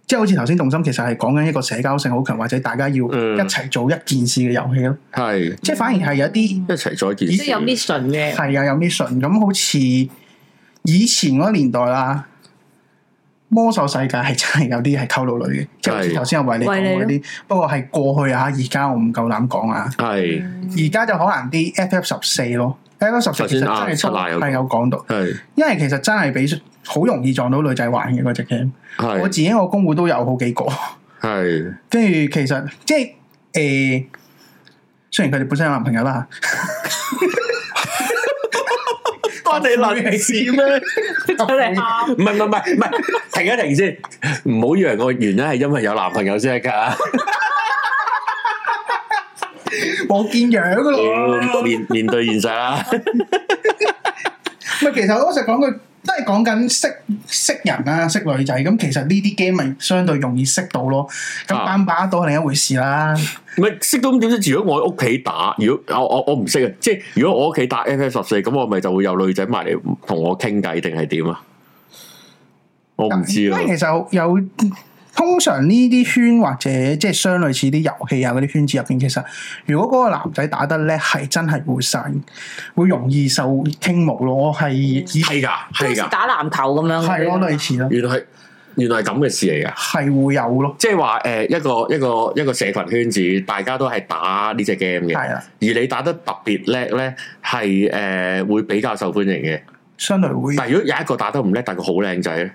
即係好似頭先重心其實係講緊一個社交性好強，或者大家要一齊做一件事嘅遊戲咯。係、嗯、即係反而係有啲一齊做一件事都有 mission 嘅，係啊有 mission 咁好似以前嗰年代啦。魔獸世界係真係有啲係溝到女嘅，是即係好似頭先我為你講嗰啲，不過係過去啊，而家我唔夠膽講啊。係是，而家就可能啲 FF 十四咯，FF 十四其實真係出，係、啊、有講到，係是，因為其實真係比好容易撞到女仔玩嘅嗰隻 game。係、那個，是我自己個公會都有好幾個。係是，跟住其實即係誒、呃，雖然佢哋本身有男朋友啦。 我哋諗係事咩？真係唔係唔係唔係唔係，停一停先，唔好以為個原因係因為有男朋友先得噶，冇見樣噶咯，面面對現實啊！唔係，其實我成日講句。都係講緊識識人啊，識女仔咁，其實呢啲 game 咪相對容易識到咯。咁單把到係另一回事啦。咪、啊、識到咁點先？如果我喺屋企打，如果我我我唔識啊，即係如果我屋企打 FF 十四，咁我咪就會有女仔埋嚟同我傾偈定係點啊？我唔知啊。其實有。通常呢啲圈或者即係相類似啲遊戲啊嗰啲圈子入邊，其實如果嗰個男仔打得叻，係真係會散，會容易受傾慕咯。我係係噶，係噶，打籃球咁樣，係咯，類似咯。原來係原來係咁嘅事嚟噶係會有咯即係話誒一個一個一個社群圈子，大家都係打呢隻 game 嘅，係啊，而你打得特別叻咧，係誒、呃，會比較受歡迎嘅。相對會，但如果有一個打得唔叻，但係佢好靚仔咧。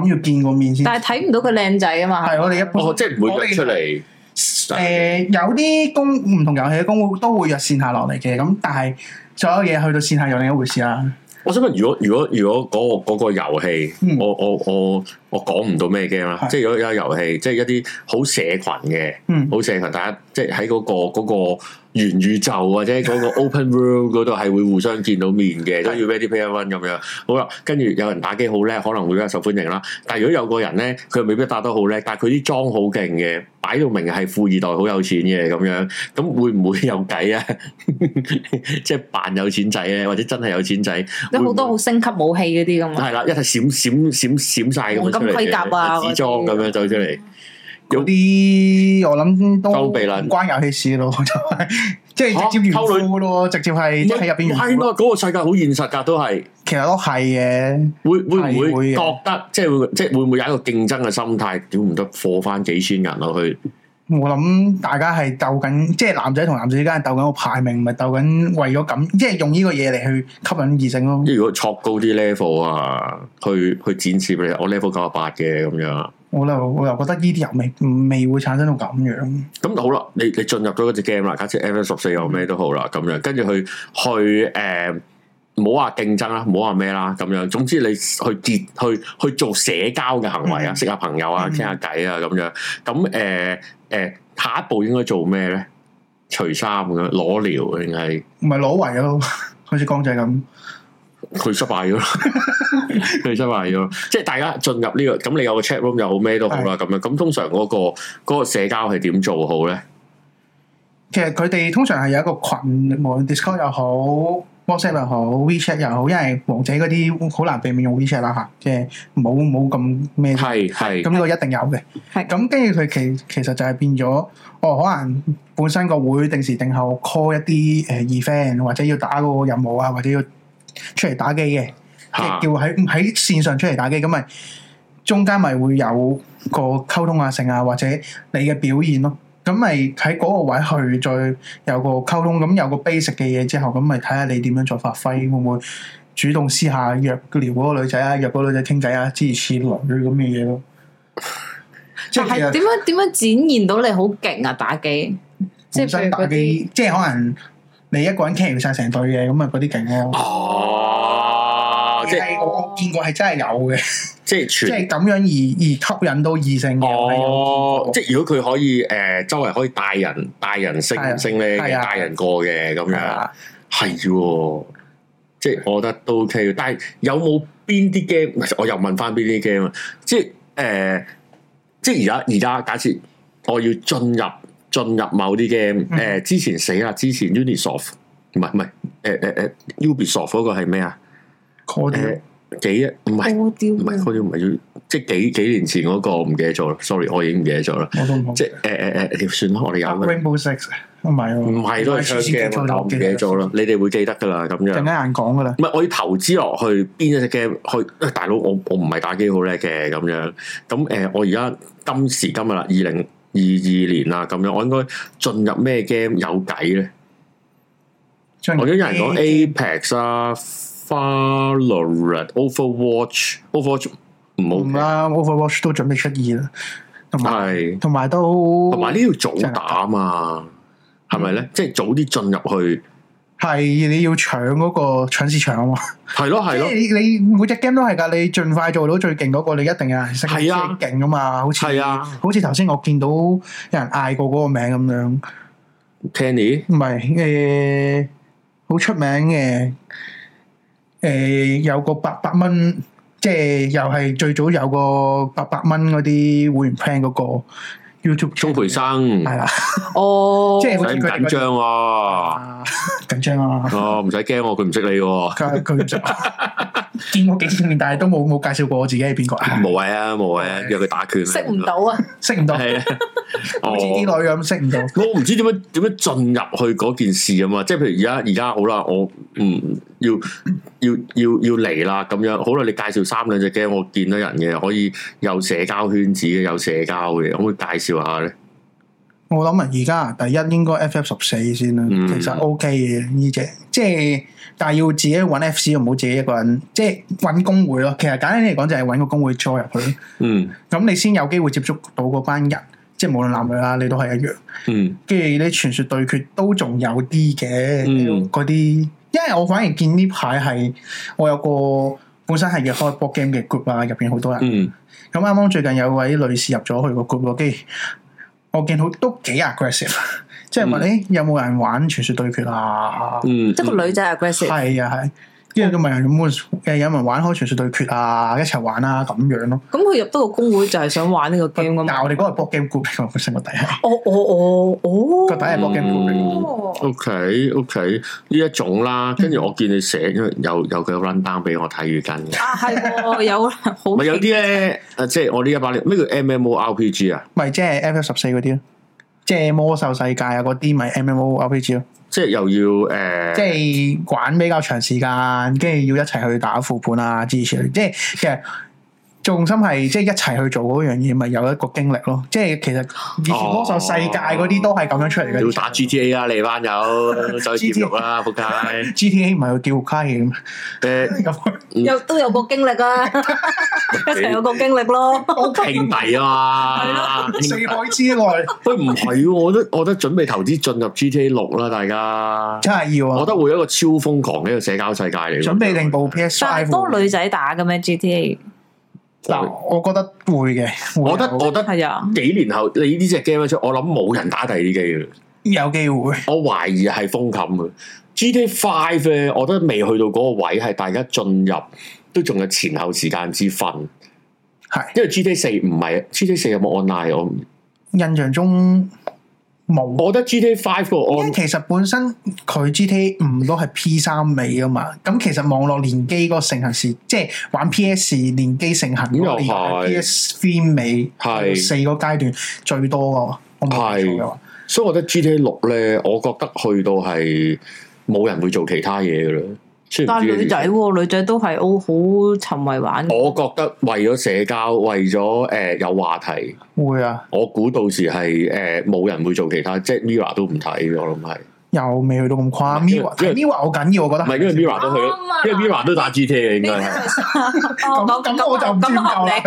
咁要見個面先，但係睇唔到佢靚仔啊嘛！係 嗎我哋一般、oh, 即，即係唔會出嚟。誒、呃，有啲公唔同遊戲嘅公會都會約線下落嚟嘅，咁但係所有嘢去到線下又另一回事啦、啊。我想問，如果如果如果嗰個嗰、嗰個遊戲，我我 我。我我我講唔到咩 game 啦，即係有有遊戲，即係一啲好社群嘅，好社群，大家即係喺嗰個嗰個元宇宙或者嗰個 open world 嗰度係會互相見到面嘅，都要 ready player one 咁樣。好啦，跟住有人打機好叻，可能會比較受歡迎啦。但係如果有個人咧，佢未必打得好叻，但係佢啲裝好勁嘅，擺到明係富二代，好有錢嘅咁樣，咁會唔會有計啊？即係扮有錢仔咧，或者真係有錢仔，有好多好升級武器嗰啲咁啊。係啦，一係閃閃閃閃晒。咁。盔甲啊，武裝咁樣走出嚟，有啲我諗都，備啦，唔關遊戲事咯，就係即係直接溝咯，直接係即係入邊溝咯，嗰個世界好現實㗎，都係其實都係嘅，會會唔會覺得即係即係會唔會有一個競爭嘅心態？點唔得貨返幾千人落去？我諗大家係鬥緊，即係男仔同男仔之間係鬥緊個排名，唔係鬥緊為咗咁，即係用呢個嘢嚟,去吸引異性咯。即係如果坐高啲 level 啊，去去展示俾你，我 level 九十八嘅咁樣我就。我又我又覺得呢啲又未未，未會產生到咁樣。咁、嗯嗯、好啦，你你進入咗嗰隻 game 啦，假設 M N 十四又咩都好啦，咁樣跟住去去誒，唔好話競爭啦，唔好話咩啦，咁樣總之你去結去去，去做社交嘅行為啊，識下朋友啊，傾下偈啊，咁樣咁誒。誒，下一步應該做咩咧？除衫嘅，裸聊定係唔係裸圍咯？好似江仔咁 ，佢失敗咗佢失敗咗，即係大家進入呢、這個咁，你有個 chat room 又好咩都好啦。咁是樣咁，通常嗰、嗰個、嗰個社交係點做好咧？其實佢哋通常係有一個群，無論 Discord 又好，WhatsApp 又好，WeChat 又好，因為王者嗰啲好難避免用 WeChat 啦吓，即係冇冇咁咩，咁呢個一定有嘅。咁跟住佢其其實就係變咗，哦，可能本身個會定時定候 call 一啲誒 event，或者要打嗰個任務啊，或者要出嚟打機嘅，即係叫喺喺線上出嚟打機，咁咪中間咪會有個溝通啊、性啊，或者你嘅表現咯。咁咪喺嗰個位去再有個溝通，咁有個 basic 嘅嘢之後，咁咪睇下你點樣再發揮，會唔會主動私下約撩嗰個女仔啊，約嗰個女仔傾偈啊，之如此類類咁嘅嘢咯。即係點樣點樣展現到你好勁啊？打機，本身打機，即係可能你一個人 carry 晒成隊嘅，咁啊嗰啲勁咯。哦，即係我見過係真係有嘅。 即係咁樣而而吸引到異性嘅，即係如果佢可以誒，周圍可以帶人帶人升升咧，帶人過嘅咁樣，係即係我覺得都 OK。但係有冇邊啲 game？我又問翻邊啲 game 啊！即係誒、呃，即係而家而家假設我要進入進入某啲 game，誒，之前死啦，之前 Unisoft 唔係唔係誒誒誒，Ubisoft 嗰個係咩啊 Calliope 幾一唔係，唔係啲唔係要，即係、oh, dear. 幾幾年前嗰個唔記得咗啦。Sorry，我已經唔記得咗啦。即係誒誒誒，算啦，我哋有。Rainbow Six，啊，唔係喎。唔係咯，係我唔記得咗啦。了你哋會記得噶啦，咁樣。有人講噶啦。唔係，我要投資落去邊一隻 game？去，去哎、大佬，我我唔係打機好叻嘅，咁樣。咁誒，我而家、呃、今時今日啦，二零二二年啦，咁樣，我應該進入咩 game 有計咧？入我有人講《Apex》啊。Farlight Overwatch, Overwatch》okay.、啊《Overwatch》唔好啦，《Overwatch》都準備出現啦，同埋同埋都同埋呢要早打嘛，係咪咧？即係早啲進入去，係你要搶嗰個搶市場啊嘛，係咯係咯，你你每隻 game 都係噶，你盡快做到最勁嗰個，你一定啊，係啊的，勁啊嘛，好似係啊，的好似頭先我見到有人嗌過嗰個名咁樣，Kenny 唔係誒，好 Tanny?、欸、出名嘅。誒、呃、有個八百蚊，即係又係最早有個八百蚊嗰啲會員 plan 嗰個 YouTube。鍾培生係啦，哦、 嗯， 即係好緊張喎、啊 啊，緊張啊！ 哦，唔使驚喎，佢唔識你喎、啊。佢佢唔識我。 見過幾次面，但係都冇冇介紹過我自己係邊個。無謂、哎哎、啊，無謂、啊、對約佢打拳。識唔到啊，識唔到。好似啲女咁，識唔到。我唔知點樣點樣進入去嗰件事啊嘛。即係譬如而家而家好啦，我唔、嗯、要要要要嚟啦。咁樣好啦，你介紹三兩隻 game 我見到人嘅可以有社交圈子嘅，有社交嘅，可唔可以介紹下咧？我諗啊，而家第一應該 FF 十四先啦，嗯、其實 OK 嘅呢隻，e、J, 即係，但係要自己搵 FC，又唔好自己一個人，即係搵工會咯。其實簡單嚟講，就係搵個工會 join 入去。嗯，咁你先有機會接觸到嗰班人，即係無論男女啦，你都係一樣。嗯，跟住啲傳說對決都仲有啲嘅，嗰啲、嗯，因為我反而見呢排係我有個本身係嘅 board game 嘅 group 啊，入邊好多人。嗯，咁啱啱最近有位女士入咗去個 group 咯。我見到都幾 aggressive，即係問誒、嗯欸、有冇人玩傳説對決啊？即係個女仔 aggressive。係、嗯、啊，係、啊。因為佢咪咁誒，有人玩《開傳説對決》啊，一齊玩啊，咁樣咯、啊。咁佢入到個公會就係想玩呢個 game。但係、啊、我哋嗰個係《Board Game Group 成》成個底。哦哦哦哦。個底係《Board Game Group》。O K O K 呢一種啦，跟住、嗯、我見你寫咗有有佢個 run down 俾我睇緊嘅。啊，係喎，有好。咪 有啲咧，啊、就是，即係我呢一班，咩叫 M M O R P G 啊？咪即係《M M 十四》嗰啲咯，即係《即魔獸世界》啊、就，是、嗰啲咪 M M O R P G 咯。即係又要誒，即係玩比較長時間，跟住要一齊去打副本啊，支持，即係其實。重心係即係一齊去做嗰樣嘢，咪有一個經歷咯。即係其實以前魔獸世界嗰啲都係咁樣出嚟嘅。要打 G T A 啦，你班友就 G T 六啦扑街。G T A 唔係要叫卡嘅咩？誒，有都有個經歷啊，一齊有個經歷咯。兄弟啊，四海之外。佢唔係，我覺我覺得準備投資進入 G T A 六啦，大家。真係要啊！我覺得會有一個超瘋狂嘅一個社交世界嚟。準備定部 P S Five。但係多女仔打嘅咩 G T A？嗱，我覺得會嘅。會我覺得我覺得，係啊！幾年後的你呢隻 game 出，我諗冇人打第二啲機嘅。有機會，我懷疑係風琴嘅。G T Five 咧，我覺得未去到嗰個位，係大家進入都仲有前後時間之分。係，的因為 G T 四唔係，G T 四有冇 online？我印象中。冇，沒我覺得 G T five 因為 我其實本身佢 G T 五都係 P 三尾啊嘛，咁其實網絡聯機嗰個盛行是即係玩 P S 聯機盛行，咁又係 P S three 尾係四個階段最多噶，是我冇是所以我覺得 G T 六咧，我覺得去到係冇人會做其他嘢噶啦。但女仔喎，女仔都係好好沉迷玩。我覺得為咗社交，為咗誒有話題，會啊。我估到時係誒冇人會做其他，即係 Mirror 都唔睇，我諗係。又未去到咁誇張，因為 Mirror 我緊要，我覺得唔係，因為 Mirror 都去，因為 Mirror 都打 G T 嘅，應該係。咁咁我就唔專注啦。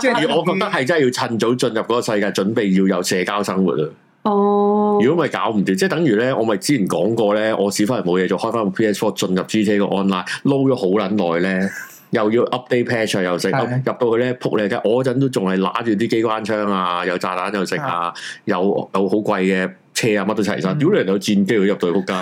即係我覺得係真係要趁早進入嗰個世界，準備要有社交生活啊。哦，如果唔係搞唔掂，即係等於咧，我咪之前講過咧，我試翻嚟冇嘢做，開翻部 PS4 進入 GTA 個 online 撈咗好撚耐咧，又要 update patch 啊是的，又食入到去咧扑你嘅， 我嗰陣都仲係揦住啲機關槍啊，有炸彈又食啊，有有好貴嘅車啊，乜都齊晒，屌你有戰機，我入到去扑街，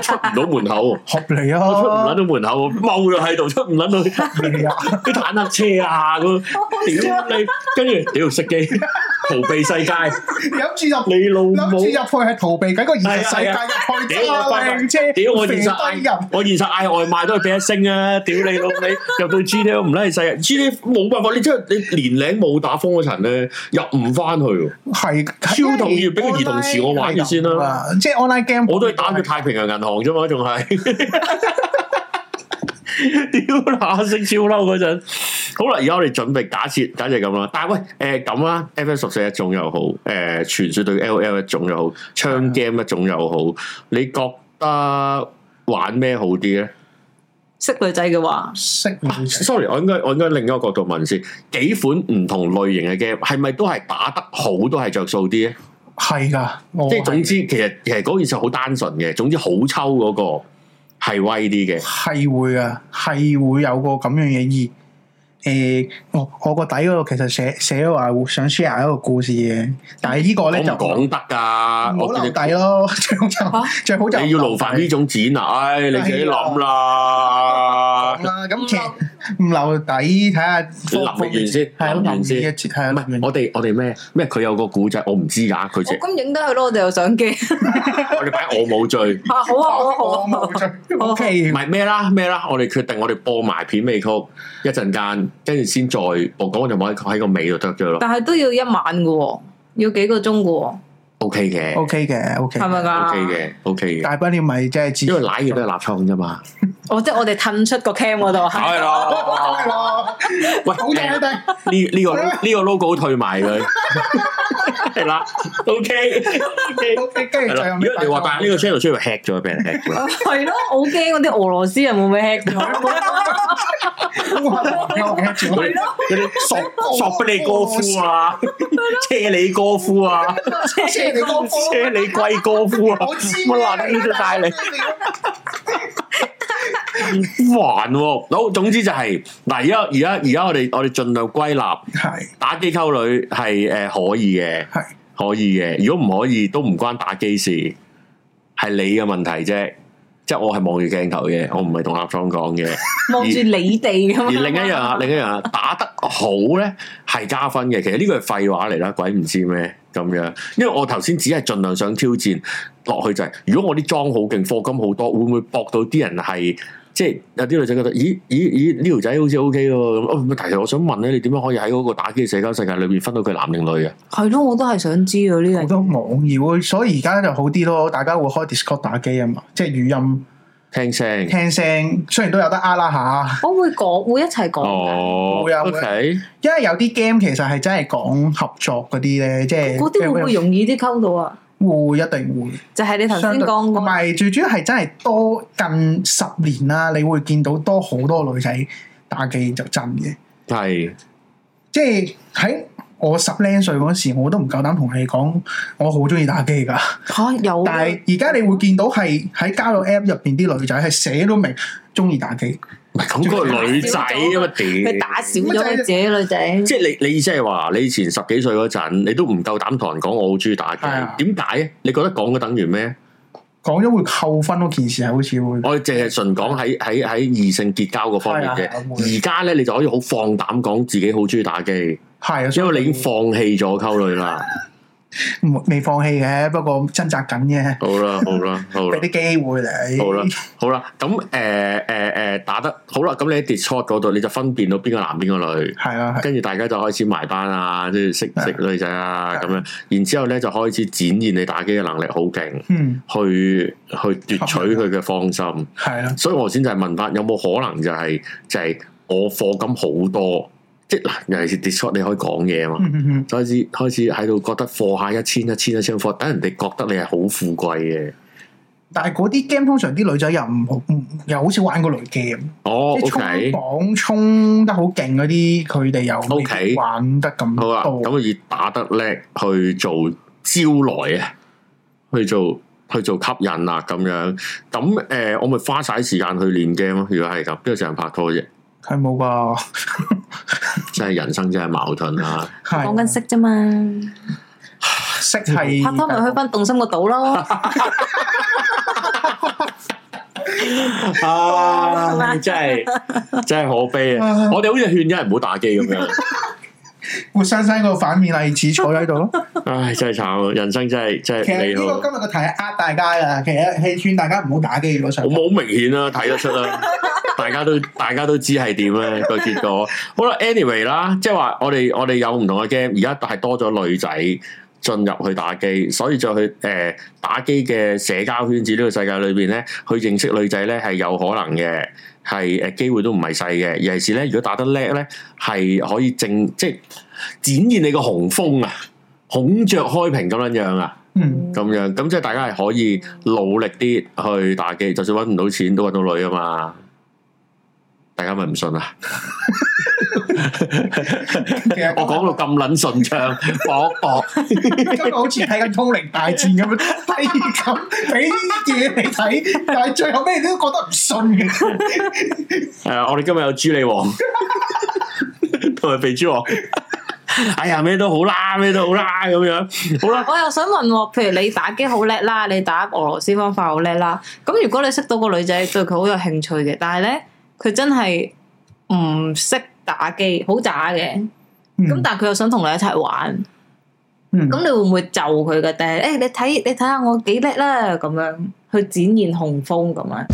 出唔到門口，合理啊，出唔甩到門口，踎咗喺度出唔甩到，咩啊？啲坦克車啊，咁，屌你，跟住屌熄機。逃避世界，諗住入你老母，諗住入去係逃避緊個現實世界，入去屌我現實我現實嗌外賣都係俾一星啊！屌你老母，你入到 G t L 唔拉你細，G t L 冇辦法，你真係你年齡冇打封嗰層咧，入唔返去，係超同意俾個兒童池我玩住先啦，即係 online game，我都係打佢太平洋銀行啫嘛，仲係。屌，乸式 超嬲嗰陣，好啦，而家我哋準備假設，假設咁啦。但係喂，誒咁啦，FF 熟悉一種又好，誒、呃、傳說對 L O L 一種又好，槍 game 一種又好，你覺得玩咩好啲咧？識女仔嘅話，識、啊啊、sorry，我應該我應該另一個角度問先，幾款唔同類型嘅 game 係咪都係打得好都係着數啲咧？係噶，即係總之，其實其實嗰件事好單純嘅，總之好抽嗰、嗰個。係威啲嘅，係會啊，係會有個咁樣嘅意。誒、欸，我我個底嗰度其實寫寫話想 share 一個故事嘅，但係呢個咧講唔講得㗎？我難底咯，最好就、啊、最好就你要勞煩呢種展啊，唉、哎，你自己諗啦。啦，咁唔留底睇下，諗完先，諗完先。唔係，我哋我哋咩咩？佢有個古仔，我唔知㗎。佢咁影得佢咯，我哋有相機。我哋擺我冇罪。啊，好啊，好啊，好啊。OK，唔係咩啦，咩啦？我哋決定，我哋播埋片尾曲一陣間，跟住先再我講就冇喺個尾就得咗咯。但係都要一晚㗎喎，要幾個鐘㗎喎。O K 嘅，O K 嘅，O K 係咪噶？O K 嘅，O K 嘅。大不你咪即係，因為奶嘢都係立倉啫嘛。哦， 即係我哋褪出個 cam 嗰度係。係咯，喂， 好正啊！呢呢個呢 個 logo 退埋佢。 係啦，OK，OK，跟住就如果你話帶呢個 channel 出去 hack 咗俾人 hack，係咯，我驚嗰啲俄羅斯人會唔會 hack 咗？有啲索索布里哥夫啊，車里哥夫啊，車里哥夫，車里貴哥夫啊，我諗住帶嚟。還、哦，好，總之就係、是、嗱，而家而家而家我哋我哋盡量歸納，係是打機溝女係誒、呃、可以嘅，係是可以嘅。如果唔可以，都唔關打機事，係你嘅問題啫。即係我係望住鏡頭嘅，我唔係同阿倉講嘅，望住 而你哋。而另一樣， 另一樣打得好咧，係加分嘅。其實呢個係廢話嚟啦，鬼唔知咩咁樣。因為我頭先只係盡量想挑戰落去就係、是，如果我啲裝好勁，課金好多，會唔會搏到啲人係？即係有啲女仔覺得，咦咦咦呢條仔好似 O K 咯，咁啊，但係我想問咧，你點樣可以喺嗰個打機嘅社交世界裏邊分到佢男定女嘅？係咯，我都係想知道呢樣嘢。好多網聊，所以而家就好啲咯，大家會開 Discord 打機啊嘛，即係語音聽聲聽聲，雖然都有得呃啦吓，我會講，會一齊講、哦會啊，會，OK，因為有啲 game 其實係真係講合作嗰啲咧，即係嗰啲會唔會容易啲溝到啊。會，一定會，就係你頭先講過，同埋的最主要係真係多近十年啦，你會見到多好多女仔打機就真嘅。係的，即係喺我十零歲嗰時，我都唔夠膽同你講，我好中意打機噶吓有，但係而家你會見到係喺交友 app 入邊啲女仔係寫到明中意打機。唔係咁個女仔乜點？佢打少咗自己女仔。即係是你你意思係話你以前十幾歲嗰陣你都唔夠膽同人講我好中意打機，點解、啊？你覺得講咗等於咩？講咗會扣分嗰件事係好似我哋淨係純講喺喺異性結交嗰方面嘅。而家咧你就可以好放膽講自己好中意打機，係、啊，因為你已經放棄咗溝女啦。未放棄嘅，不過掙扎緊嘅。好啦，好啦， 好啦，俾啲機會你。好、呃、啦，好啦，咁誒誒誒，打得好啦。咁你喺 Discord 嗰度，你就分辨到邊個男邊個女。係啊。跟住、啊、大家就開始埋班啊，即係識識女仔啊咁樣。啊、然之後咧就開始展現你打機嘅能力好勁。嗯。去去奪取佢嘅芳心。係啊。啊所以我先就係問翻，有冇可能就係、是、就係、是、我課金好多。尤其是 Discord、ok、你可以講嘢啊嘛，mm hmm。開始開始喺度覺得貨下一千一千一千貨，等人哋覺得你係好富貴嘅。但係嗰啲 game 通常啲女仔又唔又好少玩嗰類 game，即係衝榜衝得好勁嗰啲，佢哋又 O K 玩得咁多，咁要、okay。打得叻去做招來啊，去做去做吸引啊咁樣。咁誒、呃，我咪花晒時間去練 game 咯。如果係咁，邊個成日拍拖啫？係冇啩。真係人生真係矛盾啊。講緊的識啫嘛，識係拍拖咪去翻動心個島咯！啊，真係真係可悲啊！ 我哋好似勸咗人唔好打機咁樣。 活生生個反面例子坐喺度咯，唉真係慘，人生真係真係。其實呢今日個題呃大家啦，其實係勸大家唔好打機咁上。我冇，好明顯啦，睇得出啦，大家都大家都知係點啦個結果。好啦，anyway 啦，即係話我哋我哋有唔同嘅 game，而家係多咗女仔。進入去打機，所以再去誒打機嘅社交圈子呢個世界裏邊咧，去認識女仔咧係有可能嘅，係誒機會都唔係細嘅，尤其是咧如果打得叻咧，係可以正即係展現你個雄風啊，孔雀開屏咁樣樣啊，嗯，咁樣咁即係大家係可以努力啲去打機，就算搵唔到錢都搵到女啊嘛。大家咪唔信啦！ 其實我講到咁捻順暢，博博今日好似睇緊《通靈大戰》咁樣，低級咁俾啲嘢你睇，但係最後咩都覺得唔信嘅。係啊，我哋今日有朱利王同埋 肥豬王。 哎呀，咩都好啦，咩都好啦，咁樣好啦。我又想問，譬如你打機好叻啦，你打俄羅斯方塊好叻啦，咁如果你識到個女仔，對佢好有興趣嘅，但係咧。佢真係唔識打機，好渣嘅。咁、嗯、但係佢又想同你一齊玩，咁、嗯、你會唔會就佢嘅？定係誒，你睇你睇下我幾叻啦，咁樣去展現雄風咁啊？